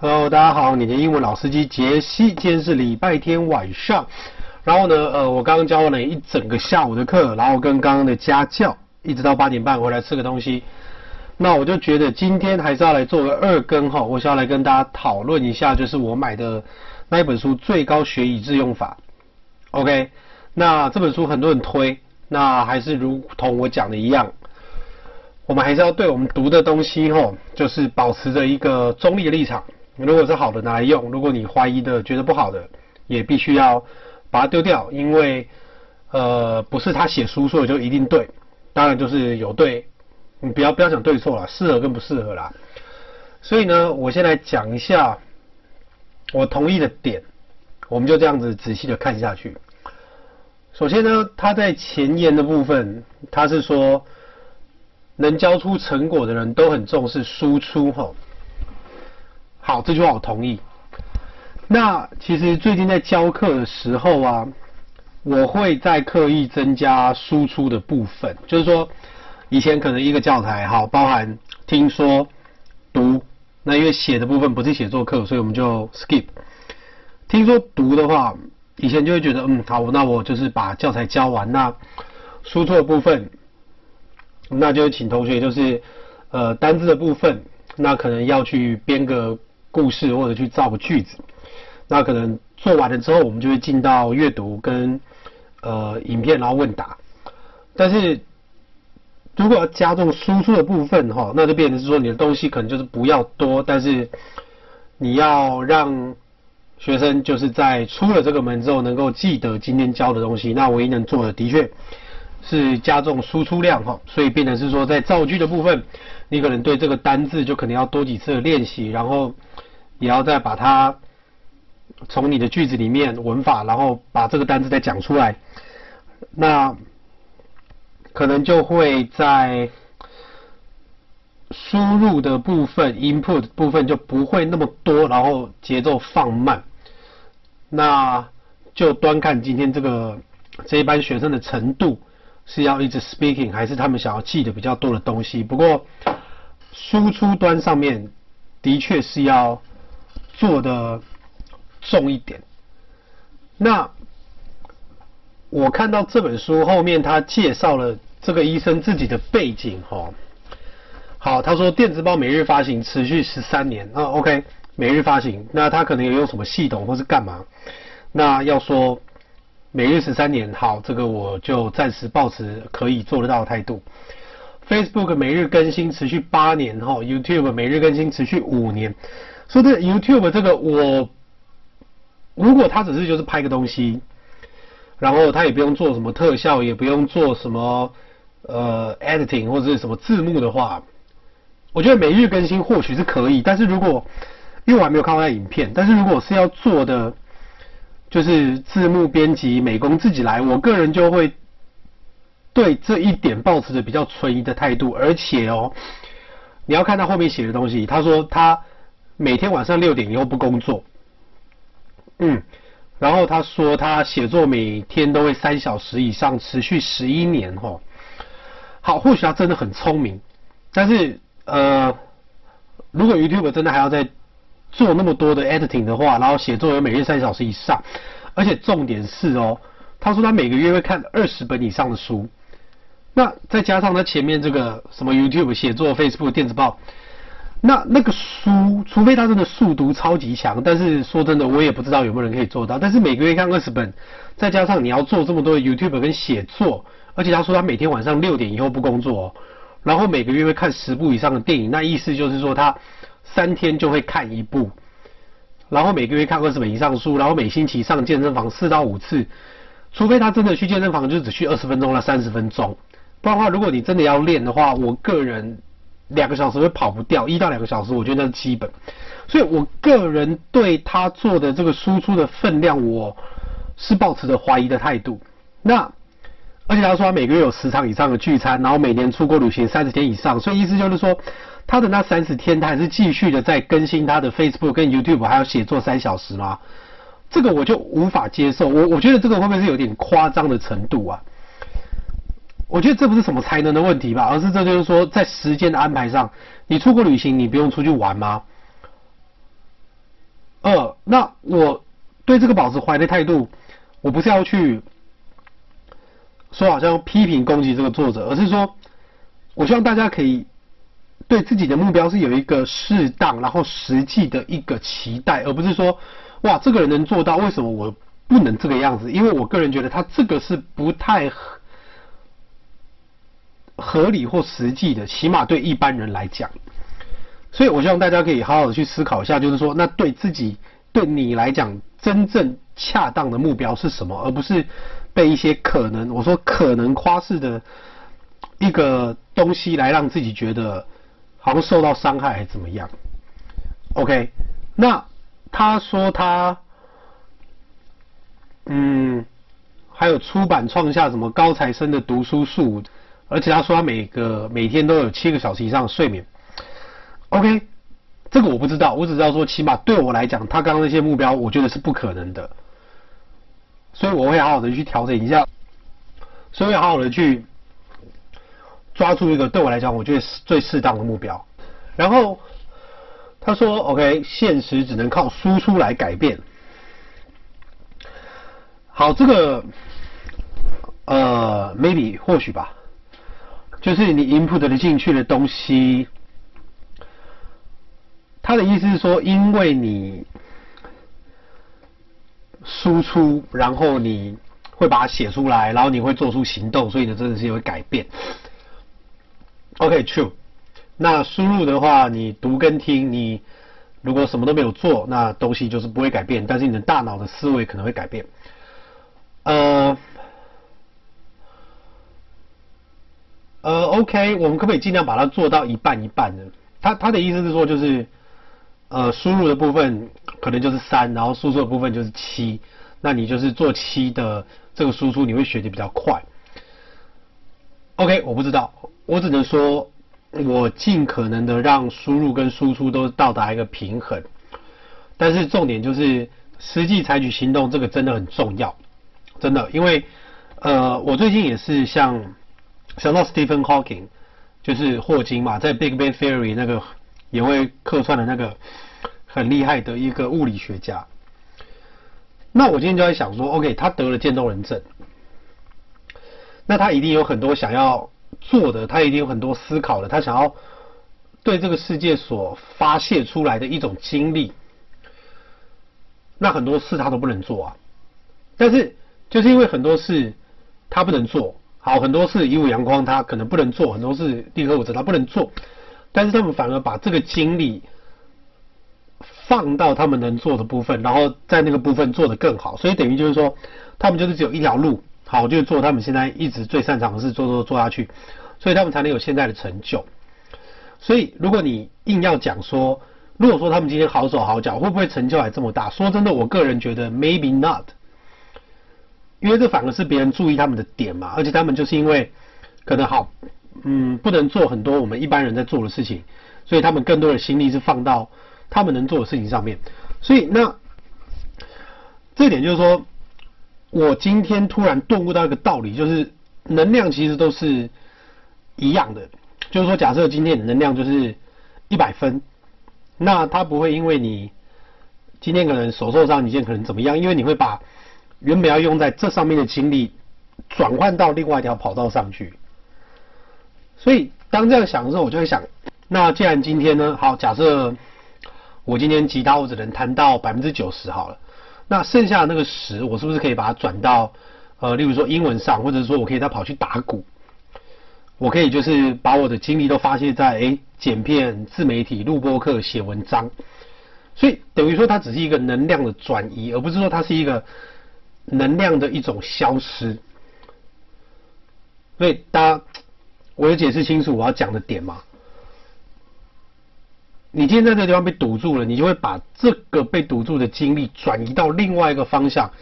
Hello，大家好，你的英文老司機傑西，今天是禮拜天晚上，然後呢，呃，我剛剛教完了一整個下午的課，然後跟剛剛的家教，一直到八點半回來吃個東西，那我就覺得今天還是要來做個二更哈，我是要來跟大家討論一下，就是我買的那一本書《最高學以致用法》，OK，那這本書很多人推，那還是如同我講的一樣，我們還是要對我們讀的東西哈，就是保持着一個中立的立場。如果是好的拿來用，如果你懷疑的覺得不好的，也必須要把它丟掉，因為呃不是他寫書說的就一定對，當然就是有對，你不要不要想對錯啦，適合跟不適合啦。所以呢，我先來講一下我同意的點，我們就這樣子仔細的看下去。首先呢，他在前言的部分，他是說能交出成果的人都很重視輸出。好，這句話我同意。那其實最近在教課的時候啊，我會在刻意增加輸出的部分，就是說以前可能一個教材好，包含聽說讀，那因為寫的部分不是寫作課，所以我們就 skip。聽說讀的話，以前就會覺得嗯好，那我就是把教材教完，那輸出的部分，那就請同學就是呃單字的部分，那可能要去編個。故事或者去造個句子，那可能做完了之後，我們就會進到閱讀跟呃影片，然後問答。但是如果要加重輸出的部分齁，那就變成是說你的東西可能就是不要多，但是你要讓學生就是在出了這個門之後能夠記得今天教的東西。那唯一能做的，的確。是加重輸出量哈，所以變成是說，在造句的部分，你可能對這個單字就可能要多幾次練習，然後也要再把它從你的句子裡面文法，然後把這個單字再講出來，那可能就會在輸入的部分 input 部分就不會那麼多，然後節奏放慢，那就端看今天這個這一班學生的程度，是要一直 speaking，還是他們想要記得比較多的東西？不過輸出端上面的確是要做的重一點。那我看到這本書後面，他介紹了這個醫生自己的背景，哦。好，他說電子報每日發行，持續十三年。啊、嗯，OK，每日發行，那他可能有用什麼系統或是幹嘛？那要說。每日十三年，好，這個我就暫時保持可以做得到的態度。Facebook 每日更新持續八年，後 YouTube 每日更新持續五年。說這 YouTube 這個，我如果他只是就是拍個東西，然後他也不用做什麼特效，也不用做什麼呃 editing 或者是什麼字幕的話，我覺得每日更新或許是可以。但是如果因為我還沒有看過他的影片，但是如果是要做的。就是字幕編輯、美工自己來，我個人就會對這一點保持着比較存疑的態度。而且哦，你要看他後面寫的東西，他說他每天晚上六點以後不工作，嗯，然後他說他寫作每天都會三小時以上，持續十一年哦。好，或許他真的很聰明，但是呃，如果 YouTuber 真的還要再。做那麼多的 editing 的話，然後寫作有每日三小時以上，而且重點是哦、喔，他說他每個月會看二十本以上的書，那再加上他前面這個什麼 YouTube 寫作 Facebook 電子報，那那個書，除非他真的速讀超級強，但是說真的，我也不知道有沒有人可以做到。但是每個月看二十本，再加上你要做這麼多的 YouTube 跟寫作，而且他說他每天晚上六點以後不工作、喔，哦，然後每個月會看十部以上的電影，那意思就是說他。三天就會看一部，然後每個月看二十本以上書，然後每星期上健身房四到五次，除非他真的去健身房，就只需二十分鐘到三十分鐘，不然的話，如果你真的要練的話，我個人兩個小時會跑不掉，一到兩個小時，我覺得那是基本，所以我個人對他做的這個輸出的分量，我是抱持着懷疑的態度。那。而且他說他每個月有十場以上的聚餐，然後每年出國旅行三十天以上，所以意思就是說，他的那三十天他還是繼續的在更新他的 Facebook 跟 YouTube，還要寫作三小時嗎？這個我就無法接受，我我覺得這個會不會是有點誇張的程度啊？我覺得這不是什麼才能的問題吧，而是這就是說在時間的安排上，你出國旅行你不用出去玩嗎？二、呃，那我對這個保持懷疑態度，我不是要去。說好像批評攻擊這個作者，而是說，我希望大家可以對自己的目標是有一個適當然後實際的一個期待，而不是說，哇，這個人能做到，為什麼我不能這個樣子？因為我個人覺得他這個是不太合理或實際的，起碼對一般人來講。所以我希望大家可以好好的去思考一下，就是說，那對自己對你來講真正恰當的目標是什麼，而不是。被一些可能，我說可能誇飾的一個東西，來讓自己覺得好像受到傷害還是怎麼樣？OK，那他說他嗯，還有出版創下什麼高材生的讀書術，而且他說他每個每天都有七個小時以上的睡眠。OK，這個我不知道，我只知道說起碼對我來講，他剛剛那些目標，我覺得是不可能的。所以我會好好的去調整一下，所以會好好的去抓住一個對我來講我覺得最適當的目標。然後他說：“OK，現實只能靠輸出來改變。”好，這個呃，maybe 或許吧，就是你 input 的進去的東西，他的意思是說，因為你。輸出，然後你會把它寫出來，然後你會做出行動，所以呢，真的是有改變。OK，true。那輸入的話，你讀跟聽，你如果什麼都沒有做，那東西就是不會改變，但是你的大腦的思維可能會改變。呃，呃，OK，我們可不可以盡量把它做到一半一半呢？他他的意思是說，就是。呃，輸入的部分可能就是三，然後輸出的部分就是七，那你就是做七的這個輸出，你會學的比較快。OK，我不知道，我只能說，我盡可能的讓輸入跟輸出都到達一個平衡。但是重點就是實際採取行動，這個真的很重要，真的，因為呃，我最近也是像想到 Stephen Hawking，就是霍金嘛，在 Big Bang Theory 那個，也會客串的那個很厲害的一個物理學家。那我今天就在想說，OK，他得了漸凍人症，那他一定有很多想要做的，他一定有很多思考的，他想要對這個世界所發洩出來的一種經歷，那很多事他都不能做啊，但是就是因為很多事他不能做，好，很多事一五陽光他可能不能做，很多事第殼物質他不能做。但是他們反而把這個精力放到他們能做的部分，然後在那個部分做得更好。所以等於就是說，他們就是只有一條路，好，就是做他們現在一直最擅長的事，做做做下去，所以他們才能有現在的成就。所以如果你硬要講說，如果說他們今天好手好腳，會不會成就還這麼大？說真的，我個人覺得 maybe not，因為這反而是別人注意他們的點嘛，而且他們就是因為可能好。嗯，不能做很多我們一般人在做的事情，所以他們更多的精力是放到他們能做的事情上面。所以那這點就是說，我今天突然頓悟到一個道理，就是能量其實都是一樣的。就是說，假設今天的能量就是一百分，那他不會因為你今天可能手受傷，你今天可能怎麼樣，因為你會把原本要用在這上面的精力轉換到另外一條跑道上去。所以當這樣想的時候，我就會想，那既然今天呢，好，假設我今天吉他我只能彈到百分之九十好了，那剩下的那個十，我是不是可以把它轉到呃，例如說英文上，或者說我可以再跑去打鼓，我可以就是把我的精力都發洩在哎、欸、剪片，自媒體、錄播課、寫文章，所以等於說它只是一個能量的轉移，而不是說它是一個能量的一種消失。所以大家。我有解釋清楚我要講的點嗎？你今天在這個地方被堵住了，你就會把這個被堵住的精力轉移到另外一個方向，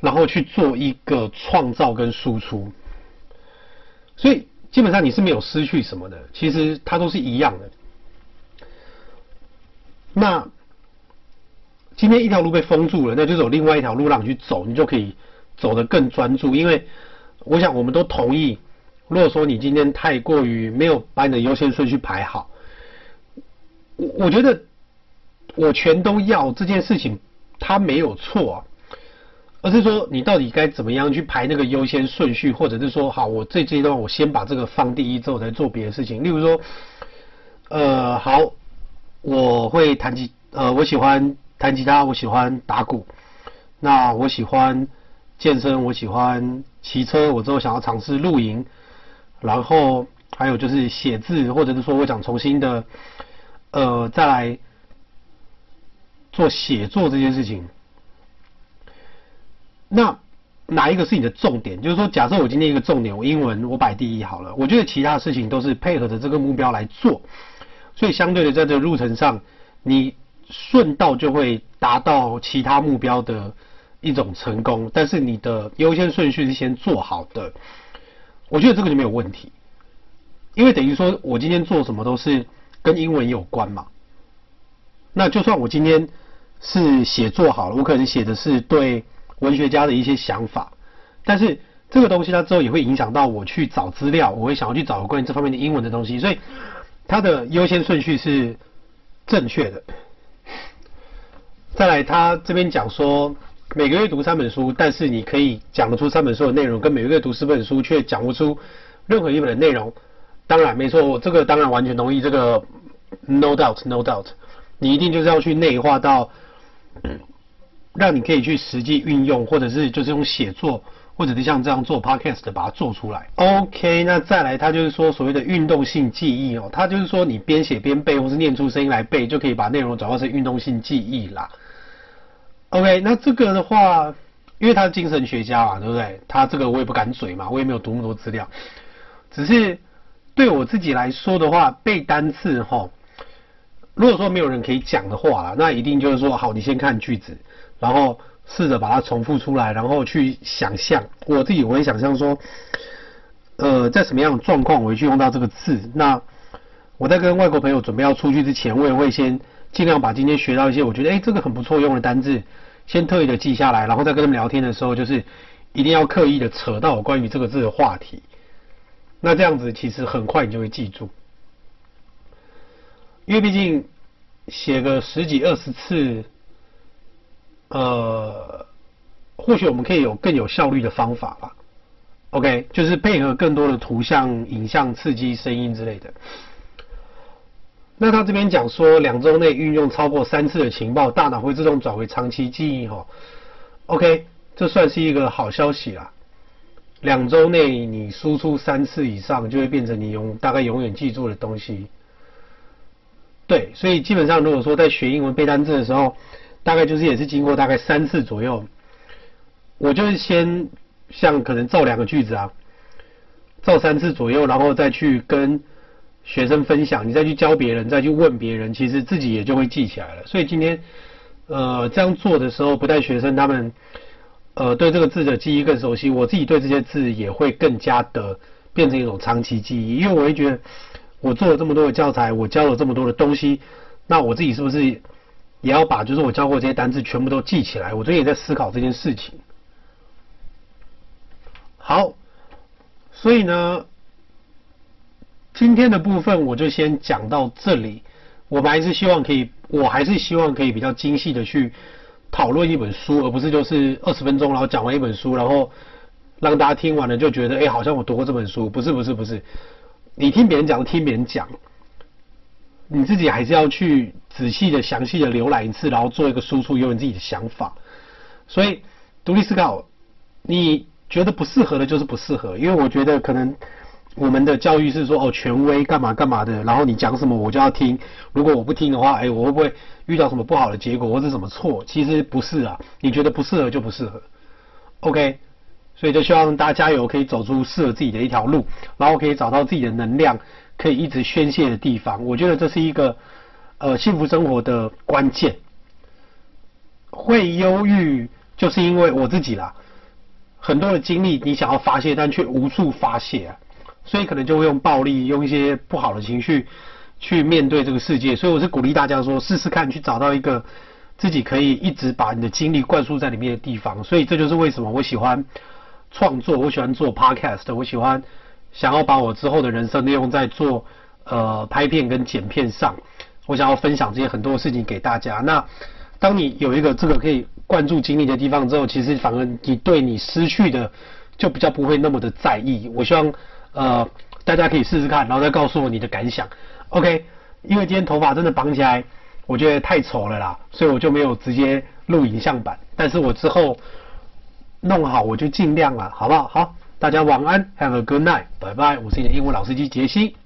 然後去做一個創造跟輸出。所以基本上你是沒有失去什麼的，其實它都是一樣的。那今天一條路被封住了，那就走另外一條路讓你去走，你就可以走得更專注。因為我想我們都同意。如果說你今天太過於沒有把你的優先順序排好，我我覺得我全都要，這件事情它沒有錯啊，而是說你到底該怎麼樣去排那個優先順序，或者是說好，我這階段話我先把這個放第一之後再做別的事情。例如說，呃，好，我會彈吉，呃，我喜歡彈吉他，我喜歡打鼓，那我喜歡健身，我喜歡騎車，我之後想要嘗試露營。然後還有就是寫字，或者是說我想重新的，呃，再來做寫作這件事情。那哪一個是你的重點？就是說，假設我今天一個重點，我英文我擺第一好了，我覺得其他的事情都是配合着這個目標來做，所以相對的，在這個路程上，你順道就會達到其他目標的一種成功。但是你的優先順序是先做好的。我覺得這個就沒有問題，因為等於說我今天做什麼都是跟英文有關嘛。那就算我今天是寫作好了，我可能寫的是對文學家的一些想法，但是這個東西它之後也會影響到我去找資料，我會想要去找關於這方面的英文的東西，所以它的優先順序是正確的。再來，他這邊講說。每個月讀三本書，但是你可以講得出三本書的內容，跟每個月讀十本書卻講不出任何一本的內容。當然沒錯，我這個當然完全同意。這個 no doubt, no doubt，你一定就是要去內化到、嗯，讓你可以去實際運用，或者是就是用寫作，或者是像這樣做 podcast 把它做出來。OK，那再來，它就是說所謂的運動性記憶哦、喔，它就是說你邊寫邊背，或是念出聲音來背，就可以把內容轉化成運動性記憶啦。OK，那這個的話，因為他是精神學家嘛，對不對？他這個我也不敢嘴嘛，我也沒有讀那麼多資料。只是對我自己來說的話，背單詞吼，如果說沒有人可以講的話，那一定就是說，好，你先看句子，然後試着把它重複出來，然後去想象。我自己，我會想象說，呃，在什麼樣的狀況，我會去用到這個字。那我在跟外國朋友準備要出去之前，我也會先。盡量把今天學到一些我覺得哎、欸，這個很不錯用的單字，先特意的記下來，然後再跟他們聊天的時候，就是一定要刻意的扯到關於這個字的話題。那這樣子其實很快你就會記住，因為畢竟寫個十幾二十次，呃，或許我們可以有更有效率的方法吧。OK，就是配合更多的圖像、影像、刺激、聲音之類的。那他這邊講說，兩週內運用超過三次的情報，大腦會自動轉為長期記憶。哈，OK，這算是一個好消息啦。兩週內你輸出三次以上，就會變成你永大概永遠記住的東西。對，所以基本上如果說在學英文背單字的時候，大概就是也是經過大概三次左右，我就是先像可能造兩個句子啊，造三次左右，然後再去跟。學生分享，你再去教別人，再去問別人，其實自己也就會記起來了。所以今天，呃，這樣做的時候，不但學生，他們，呃，對這個字的記憶更熟悉。我自己對這些字也會更加的變成一種長期記憶，因為我會覺得，我做了這麼多的教材，我教了這麼多的東西，那我自己是不是也要把就是我教過這些單字全部都記起來？我最近也在思考這件事情。好，所以呢？今天的部分我就先講到這裡。我們還是希望可以，我還是希望可以比較精細的去討論一本書，而不是就是二十分鐘，然後講完一本書，然後讓大家聽完了就覺得，哎，好像我讀過這本書。不是，不是，不是。你聽別人講，聽別人講，你自己還是要去仔細的、詳細的瀏覽一次，然後做一個輸出，有你自己的想法。所以獨立思考，你覺得不適合的，就是不適合。因為我覺得可能。我們的教育是說哦，權威幹嘛幹嘛的，然後你講什麼我就要聽，如果我不聽的話，哎，我會不會遇到什麼不好的結果或是什麼錯？其實不是啊，你覺得不適合就不適合，OK，所以就希望大家加油，可以走出適合自己的一條路，然後可以找到自己的能量，可以一直宣泄的地方。我覺得這是一個呃幸福生活的關鍵。會憂鬱就是因為我自己啦，很多的經歷你想要發泄，但卻無處發泄啊。所以可能就會用暴力，用一些不好的情緒去面對這個世界。所以我是鼓勵大家說，試試看去找到一個自己可以一直把你的精力灌輸在裡面的地方。所以這就是為什麼我喜歡創作，我喜歡做 Podcast，我喜歡想要把我之後的人生利用在做呃拍片跟剪片上。我想要分享這些很多事情給大家。那當你有一個這個可以灌注精力的地方之後，其實反而你對你失去的就比較不會那麼的在意。我希望。呃，大家可以試試看，然後再告訴我你的感想，OK？因為今天頭髮真的綁起來，我覺得太醜了啦，所以我就沒有直接錄影像版，但是我之後弄好我就尽量了、啊，好不好？好，大家晚安，Have a good night，拜拜，我是你的英文老司機杰西。